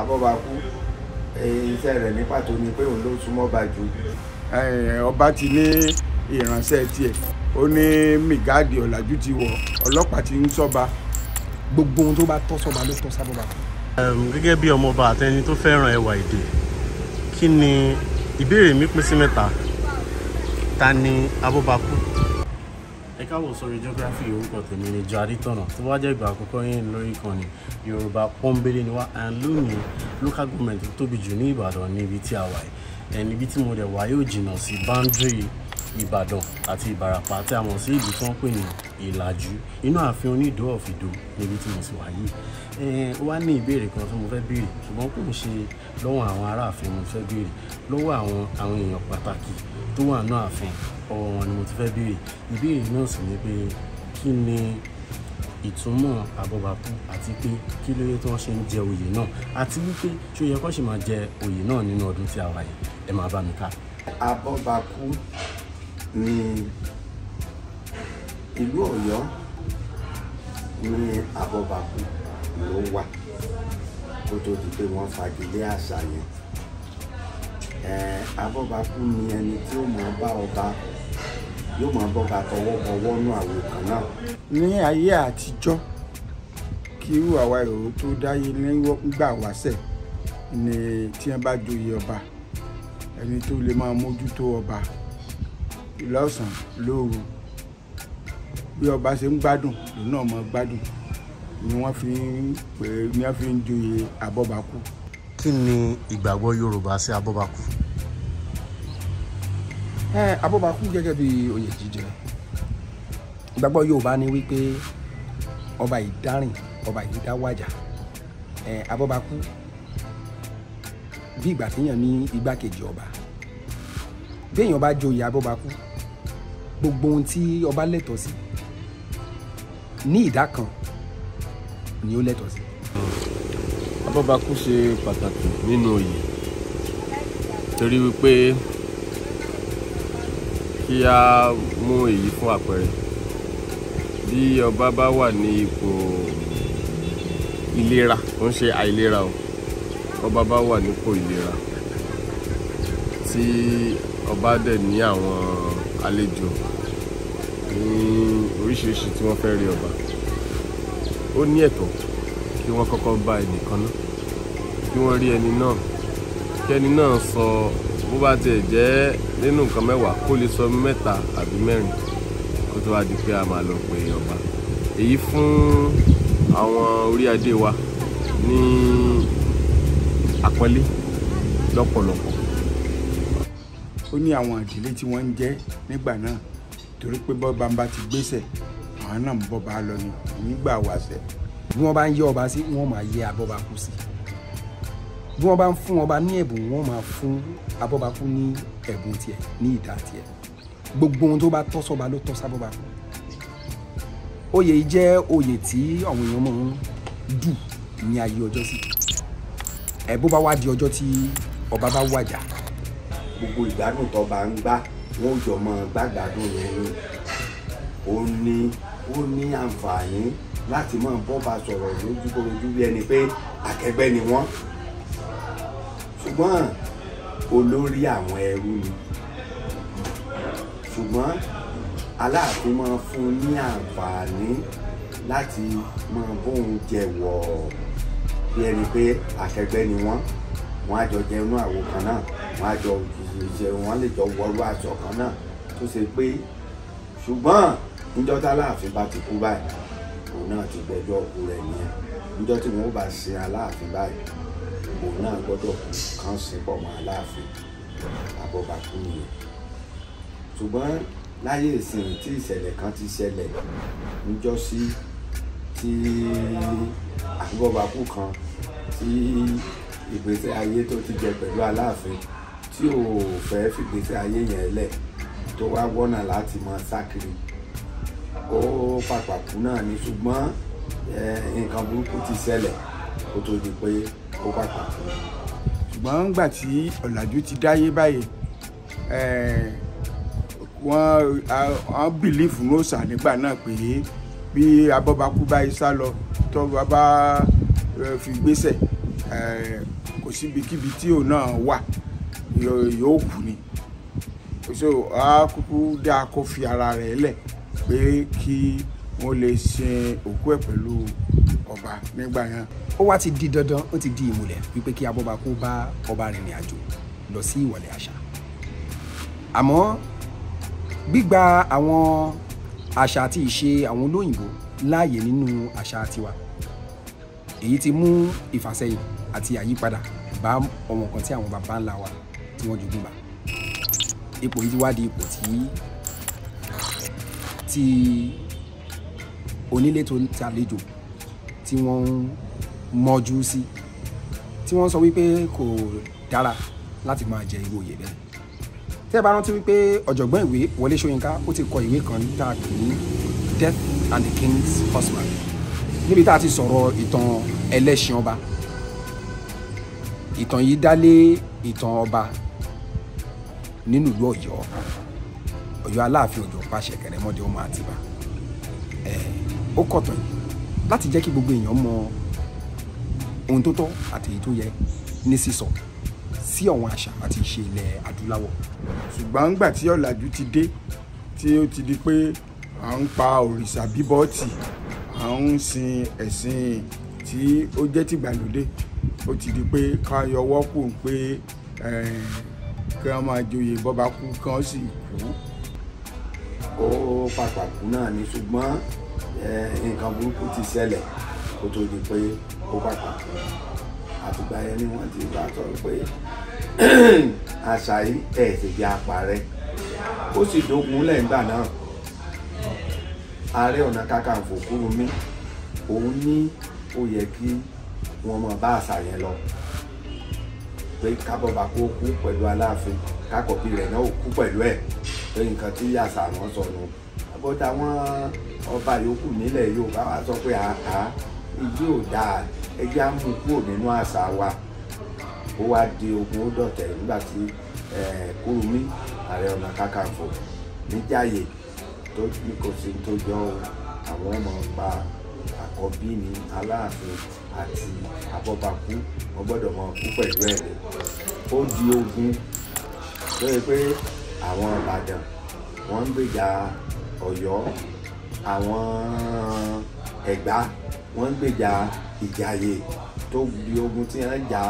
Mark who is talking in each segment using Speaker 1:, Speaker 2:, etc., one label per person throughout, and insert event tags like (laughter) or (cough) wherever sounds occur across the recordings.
Speaker 1: abọ́bakú eh, iṣẹ́ rẹ̀ ní pàtó ni pé òun ló súnmọ́ ọba jù. Eh, ọba ti ní ìránṣẹ́ tiẹ̀ ó ní mìgáàdì ọ̀làjú ti wọ̀ ọlọ́pàá ti ń sọ́ba gbogbo ohun tó bá tọ́ sọ́ba ló tọ́ sábọ́ba.
Speaker 2: gẹ́gẹ́ bí ọmọọba àtẹni tó fẹ́ràn ẹwà èdè kí ni ìbéèrè mi pín sí mẹ́ta ta ni abọ́bakú ẹ káwọ sórí geography orúkọ tèmi ni jọ adétọ̀nà tó wá jẹ́ ìgbà àkọ́kọ́ yín lórí ìkànnì yorùbá pọ́ńbélé ni wá and lónìí local government tó tóbi jù ní ìbàdàn ní ibi tí a wà ẹni ibi tí mo dẹ̀ wá yóò jìnnà sí boundary ìbàdàn àti ìbàràpá tí a mọ̀ sí ìlú tí wọ́n pè ní ìlàjú inú ààfin onídòó ọ̀fìdó níbi tí mo sì wà yìí ó wá ní ìbéèrè kan tí mo fẹ́ béèrè ṣùgbọ́n kò ń ṣe lọ́wọ́ àwọn aráàfin ọ̀ràn ni mo ti fẹ́ béèrè ìbéèrè náà sì ni pé kí ni ìtumọ̀ àbọ̀bàkú àti pé kí ló yẹ tí wọ́n ṣe ń jẹ oyè náà àti wípé ṣé ó yẹ kó ṣì máa jẹ oyè náà nínú ọdún tí a wà yìí ẹ máa bá mi ká.
Speaker 3: àbọ̀bàkú ni ìlú Ọ̀yọ́ ní àbọ̀bàkú ló wà kó tó di pé wọ́n fagilé àṣà yẹn àbọ̀bàkú ni ẹni tí ó mọ̀ bá ọba yóò máa bọ́ ká tọwọ́ bọwọ́ nú àwo kan náà.
Speaker 1: ní ayé àtijọ́ kí irú àwa ìròyìn tó dáyé nígbà wáṣẹ̀ ni tí wọ́n bá joyè ọba ẹni tó lè máa mójútó ọba lọ́sàn-án lóru bí ọba ṣe ń gbádùn lòun náà máa gbádùn ni wọ́n fi ń pè é ni wọ́n fi ń joyè
Speaker 4: abọ́bakú. kí ni ìgbàgbọ́ Yorùbá sí abọ́bakú abọ́bakú gẹ́gẹ́ bí oyè jíjẹ ìgbàgbọ́ Yorùbá ní wípé ọba ìdárìn ọba ìdáwàjà abọ́bakú bí ìgbà téèyàn ní igbákejì ọba béèyàn bá joyè abọ́bakú gbogbo ohun tí ọba lẹ́tọ̀ọ́ sí ní ìdá kan ni ó lẹ́tọ̀ọ́ sí. abọ́bakú ṣe pàtàkì nínú oyè torí wípé
Speaker 5: kí a mú èyí fún àpẹẹrẹ bí ọba bá wà ní ipò ìlera ó ń ṣe àìlera o ọba bá wà nípò ìlera tí ọba dẹ̀ ní àwọn àlejò ní oríṣiríṣi tí wọ́n fẹ́ rí ọba ó ní ẹ̀tọ́ kí wọ́n kọ́kọ́ bá ẹnìkan náà kí wọ́n rí ẹni náà kí ẹni náà sọ bó bá tiẹ̀ jẹ́ nínú nǹkan mẹ́wàá kó lè sọ mẹ́ta àbí mẹ́rin kó tó wá di pé a máa lọ pè ọba èyí fún àwọn orí adé wa ní àpọ́nlé lọ́pọ̀lọpọ̀.
Speaker 1: ó ní àwọn ìdílé tí wọ́n ń jẹ́ nígbà náà torí pé bọ́ba ń bá ti gbéṣẹ̀ àwọn
Speaker 4: náà ń bọ́ba lọ ní nígbà wàṣẹ bí wọ́n bá ń yẹ ọba sí wọ́n máa yẹ abọ́ba kú sí i bí wọ́n bá ń fún ọba ní ẹ̀bùn wọ́n máa fún abọ́bakú ní ẹ̀bùn tiẹ̀ ní ìdá tiẹ̀ gbogbo ohun tó bá tọ́ sọ́ba ló tọ́ sábọ́bakú oyè yìí jẹ́ oyè tí àwọn èèyàn máa ń dù ní ayé ọjọ́ sí ẹ̀ bó bá wá di ọjọ́ tí ọba bá wàjà. gbogbo ìgbádùn tó ń gbá wọn ò jọ mọ gbàgbádùn yẹn ni ó ní ó
Speaker 3: ní àǹfààní láti máa bọ́ba sọ̀rọ̀ lójúkorojú bí ẹni pé akẹgbẹ́ ni wọ́n ṣùgbọ́n olórí àwọn ẹrú ni ṣùgbọ́n aláàfin máa fún ní àǹfààní láti máa bóun jẹ wọ̀ bí ẹni pé akẹgbẹ́ ni wọ́n wọ́n á jọ jẹ inú kan náà wọ́n á jọ jẹ wọ́n lè jọ wọlú aṣọ kan náà tó ṣe pé ṣùgbọ́n níjọ́ tá aláàfin bá ti kú báyìí òun náà ti gbẹjọ́ òkú rẹ̀ nìyẹn níjọ́ tí wọ́n bá ṣe aláàfin báyìí òun náà gbọ́dọ̀ kàn sí pọ̀ mọ́ aláàfin abọ́bakú nìyẹn ṣùgbọ́n láyé ìsìn tí ìṣẹ̀lẹ̀ kan ti ṣẹlẹ̀ níjọ́sí tí abọ́bakú kan tí ìgbésí ayé tó ti jẹ pẹ̀lú aláàfin tí ò fẹ́ fìgbésí ayé yẹn lẹ̀ tó wá wọ́nà láti mọ sákiri ó pàpàkú náà ní ṣùgbọ́n nǹkan burúkú ti ṣẹlẹ̀ kó tó di pé
Speaker 1: kó bàtà ṣùgbọ́n ńgbà tí ọ̀làjú ti dáyé báyìí eh, wọ́n wọ́n bìlífù lóòsà nígbà náà pé bí abọ́bakú bá isá lọ tó bá eh, fi gbésẹ̀ eh, kò síbikíbi tí òun náà wà yóò kú ni so a kúkú dá kó fi ara rẹ̀ lẹ̀ pé kí
Speaker 4: wọ́n lè sin òkú ẹ̀ pẹ̀lú ọba nígbà yẹn. ó wá ti di dandan ó ti di ìmùlẹ̀ wípé kí abọ́ba kó bá ọba rìnrìn àjò lọ sí ìwọ̀lẹ̀ àṣà àmọ́ gbígba àwọn àṣà àti ìṣe àwọn olóyìnbó láàyè nínú àṣà tiwa èyí ti mú ìfàsẹ́yìn àti àyípadà bá ọmọ nǹkan tí àwọn bàbá ńlá wa tí wọ́n jogún bá ipò yìí wá di ipò tí tí onílé tó ń tàlejò tí wọ́n ń mọ́jú sí tí wọ́n sọ wípé kò dára láti máa jẹ irú oyè bẹ́ẹ̀ tẹ́ ẹ bá rántí wípé ọ̀jọ̀gbọ́n ìwé Wọlé Ṣóyínká ó ti kọ ìwé kan tá a pè ní Death and the King's Husband níbi tá a ti sọ̀rọ̀ ìtàn ẹlẹ́ṣin ọba ìtàn yìí dá lé ìtàn ọba nínú ìlú Ọ̀yọ́ Ọ̀yọ́ Aláàfin Ọ̀jọ̀pá Ṣẹ̀kẹ̀rẹ̀ Mọ́dé Ọmọ Àtìbà ẹ̀ẹ́ ó kọ̀tàn láti jẹ́ kí gbogbo èèyàn mọ ohun tó tọ́ àti èyí tó yẹ ní sísọ sí ọ̀wọ̀n àṣà àti ìṣe ilẹ̀ adúláwọ̀.
Speaker 1: ṣùgbọ́n ńgbà tí ọ̀làjú ti dé tí ó ti di pé à ń pa òrìṣà bíbọ tì à ń sin ẹ̀sìn tí ó jẹ́ tìgbàlódé ó ti di pé ká yọwọ́ kù pé kí wọ́n máa joyè bọ́ba kú kí wọ́n sì kú. ó pàpà kú náà ní ṣùgbọ́n
Speaker 3: nǹkan burúkú ti ṣẹlẹ̀ kó tó di pé ó pàpà àtìgbà yẹn ni wọ́n ti bá sọ̀rọ̀ pé (clears throat) àṣà yìí ẹ̀ sì jẹ́ àpàrẹ ó sì dógun lẹ́ǹgbà náà ààrẹ ọ̀nà kakanfò Kúrúnmí òun ní ó yẹ kí wọ́n máa bá àṣà yẹn lọ pé kábọ̀bà kó kú pẹ̀lú aláàfin kákọ̀bí rẹ̀ náà ó kú pẹ̀lú ẹ̀ pé nǹkan tí àṣà wọn sọ nù but àwọn ọba yòókù nílẹ̀ Yorùbá wa sọ pé àhá èyí ò dáa ẹjẹ́ á mú kúrò nínú àṣà wa ó wá di ogun ó dọ̀tẹ̀ nígbà tí Kúrúnmí Ààrẹ Ọ̀nà Kakanfò níjàyè tó ní kò sí tó jọ àwọn ọmọ ọba àkọ́bí ní Aláàfin àti abọ́bakú wọ́n gbọ́dọ̀ mọ kú pẹ̀lú ẹ̀ ó di ogun tó yẹ pé àwọn Ìbàdàn wọ́n ń gbèjà Ọ̀yọ́ àwọn Ẹ̀gbá wọ́n ń gbèjà ìjàyè tó di ogun tí wọ́n jà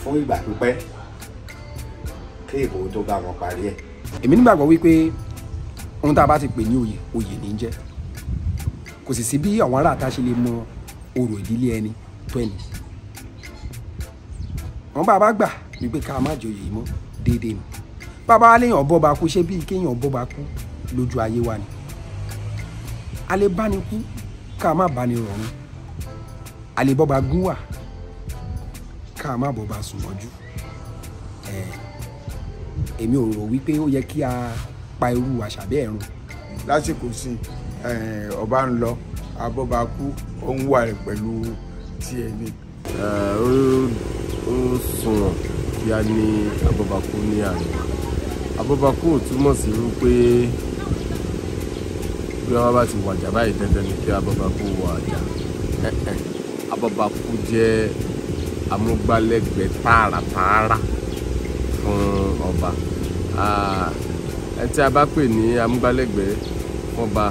Speaker 3: fún ìgbà pípẹ́ kí Èkó tó bá wọn parí
Speaker 4: ẹ̀. èmi nígbàgbọ́ wípé ohun tá a bá ti pè ní oyè oyè ní jẹ́ kò sì sí bí àwọn aráàta ṣe lè mọ orò ìdílé ẹni tó ẹni wọn bá a bá gbà wípé ká má jòyè mọ́ déédéé ni bàbá aléyàn bọba kú ṣé bíi kéèyàn bọba kú lójú ayé wa ni a lè bá ni kú ká má bá ni rọrùn a lè bọ́ba gún wà ká má bọ́ba sùn mọ́jú èmi ò rò wípé ó yẹ kí a pa irú àṣà bẹ́ẹ̀ run. lásìkò sí
Speaker 1: ọba ń lọ abọ́ba kú ó ń wà rẹ̀ pẹ̀lú tiẹ̀ ni. ó sunwọ̀n kí a ní abọ́ba kú ní àná
Speaker 5: abọ́ba kú ò túmọ̀ sí wípé bí wọ́n bá ti wàjà báyìí dandan ni kí abọ́bakú wàjà abọ́bakú jẹ́ amúgbálẹ́gbẹ̀ẹ́ tààràtààrà fún ọba ẹni tí a bá pè ní amúgbálẹ́gbẹ̀ẹ́ fọba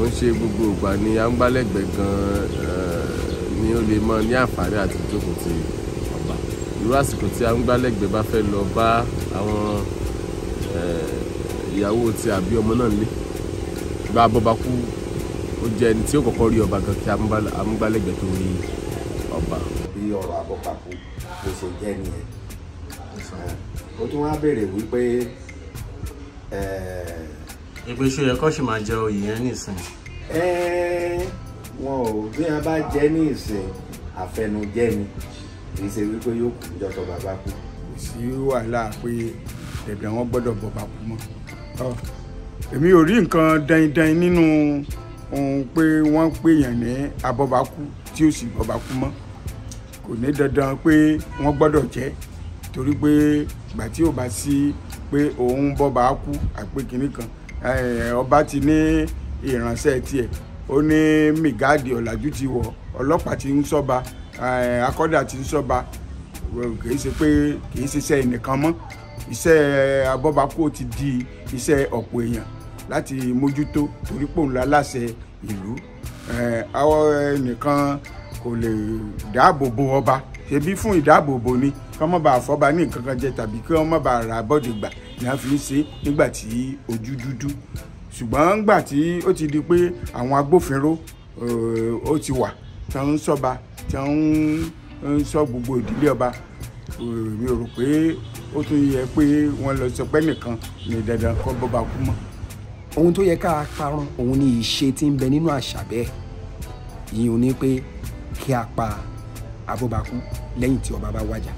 Speaker 5: ó ń ṣe gbogbo ìgbà ní amúgbálẹ́gbẹ̀ẹ́ gan-an eh, ni ó lè mọ ní àǹfààní àti jókòó ti ọba irú àsìkò tí amúgbálẹ́gbẹ̀ẹ́ bá fẹ́ lọ bá àwọn eh, ìyàwó ti àbí ọmọ náà lé ìbá abọ́bakú ó jẹ́ ẹni tí ó kọ́kọ́ rí ọba gan kí amúgbálẹ́gbẹ̀ẹ́ tó rí ọba. bí ọ̀rọ̀ abọ́bakú ló ṣe jẹ́ nìyẹn
Speaker 3: ó tún wá béèrè wípé.
Speaker 2: ìpèsè yẹ kó sì máa jẹ oyè yẹn nìsín.
Speaker 3: wọn ò bí wọn bá jẹ ní ìsìn àfẹnujẹ ni
Speaker 1: kì í ṣe wípé yóò kú jọtọ bàbá kú. kò sí wàhálà pé bẹ̀bẹ̀ wọn gbọ́dọ̀ bọ̀ bá kú mọ́ èmi ò rí nǹkan dandan nínú ohun pé wọ́n ń pèèyàn ní abọ́bakú tí ó sì bọ́bakú mọ́ kò ní dandan pé wọ́n gbọ́dọ̀ jẹ́ torí pé ìgbà tí ò bá sí pé òun bọ́ba kú àpé kìnnì kan ọba ti ní ìránṣẹ́ tiẹ̀ ó ní mìgáàdì ọ̀làjú ti wọ̀ ọlọ́pàá ti ń sọ́ba akọ́dà ti ń sọ́ba kì í ṣe pé kì í ṣiṣẹ́ ẹnìkan mọ́ iṣẹ́ abọ́bakú ti di iṣẹ́ ọ̀pọ̀ èèyàn láti mójútó torí pòun láláṣẹ ìlú àwọn ẹnìkan kò lè dáàbòbò ọba ṣebí fún ìdáàbòbò ni kí wọ́n má bàa fọ́ba ní nǹkan kan jẹ tàbí kí wọ́n má bàa ra bọ́dì gbà ni a fi ń ṣe nígbà tí ojú dúdú ṣùgbọ́n nígbà tí ó ti di pé àwọn agbófinró ó ti wà tí wọ́n ń ṣọ́ba tí wọ́n ń ṣọ́ gbogbo ìdílé ọba mi ò rò pé ó tún yẹ pé wọ́n lọ sọ pé nìkan
Speaker 4: ní dandan kọ́ bọ́ba kú mọ́ ohun tó yẹ ká parun òun ni ìṣe tí ń bẹ nínú àṣà bẹ́ẹ̀ ìyẹn ò ní pé kí a pa abóbakú lẹ́yìn tí ọba bá wájà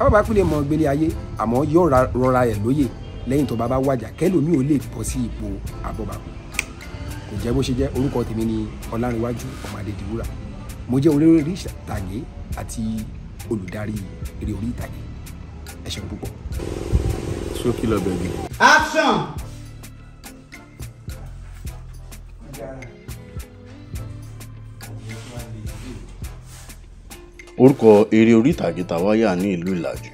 Speaker 4: abóbakú lè mọ gbélé ayé àmọ́ yóò rọra ẹ̀ lóye lẹ́yìn tó bá bá wájà kẹ́lòmíì ò lè bọ́ sí ipò abóbakú kò jẹ́ bó ṣe jẹ́ orúkọ tèmi ni ọlárìnwájú ọmọ adédìwúrà mo jẹ́ olórí ìtàgé àti olùdarí eré orí ìtàgé ẹ ṣeun púpọ̀. ṣókí lọ bẹ̀rẹ̀.
Speaker 1: action.
Speaker 2: orúkọ eré orí ìtàgé tàwáyà ní ìlú ìlàjì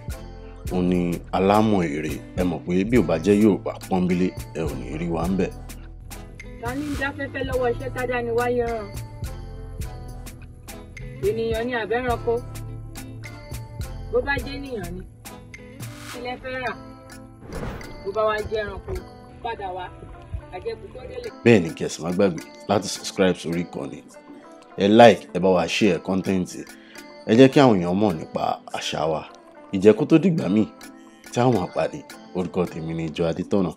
Speaker 2: òun ni alámọ̀ èrè ẹ mọ̀ pé bí ò bá jẹ́ Yorùbá pọ́nbélé ẹ ò ní rí wa ń bẹ̀. ta ni ń dáfẹ́fẹ́ lọ́wọ́ iṣẹ́ tádá ni wáyé ràn ènìyàn ni àbẹ́ranko bó bá jẹ́ ènìyàn ni ilẹ̀ fẹ́ rà bó bá wá jẹ́ ẹranko
Speaker 4: padà wá àjẹkù tó délé.
Speaker 2: bẹ́ẹ̀ ni kí ẹ gbàgbé láti subscribe sórí ìkànnì ẹ like ẹ bá wa share kọ́ńtẹ́ǹtì ẹ jẹ́ kí àwọn èèyàn mọ̀ nípa àṣà wa ìjẹ́kú tó dìgbà míì tí àwọn àpàdé orúkọ tèmi ni ìjọ adétọ̀nà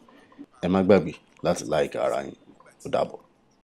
Speaker 2: ẹ má gbàgbé láti láìka ara yín ó dàbọ̀.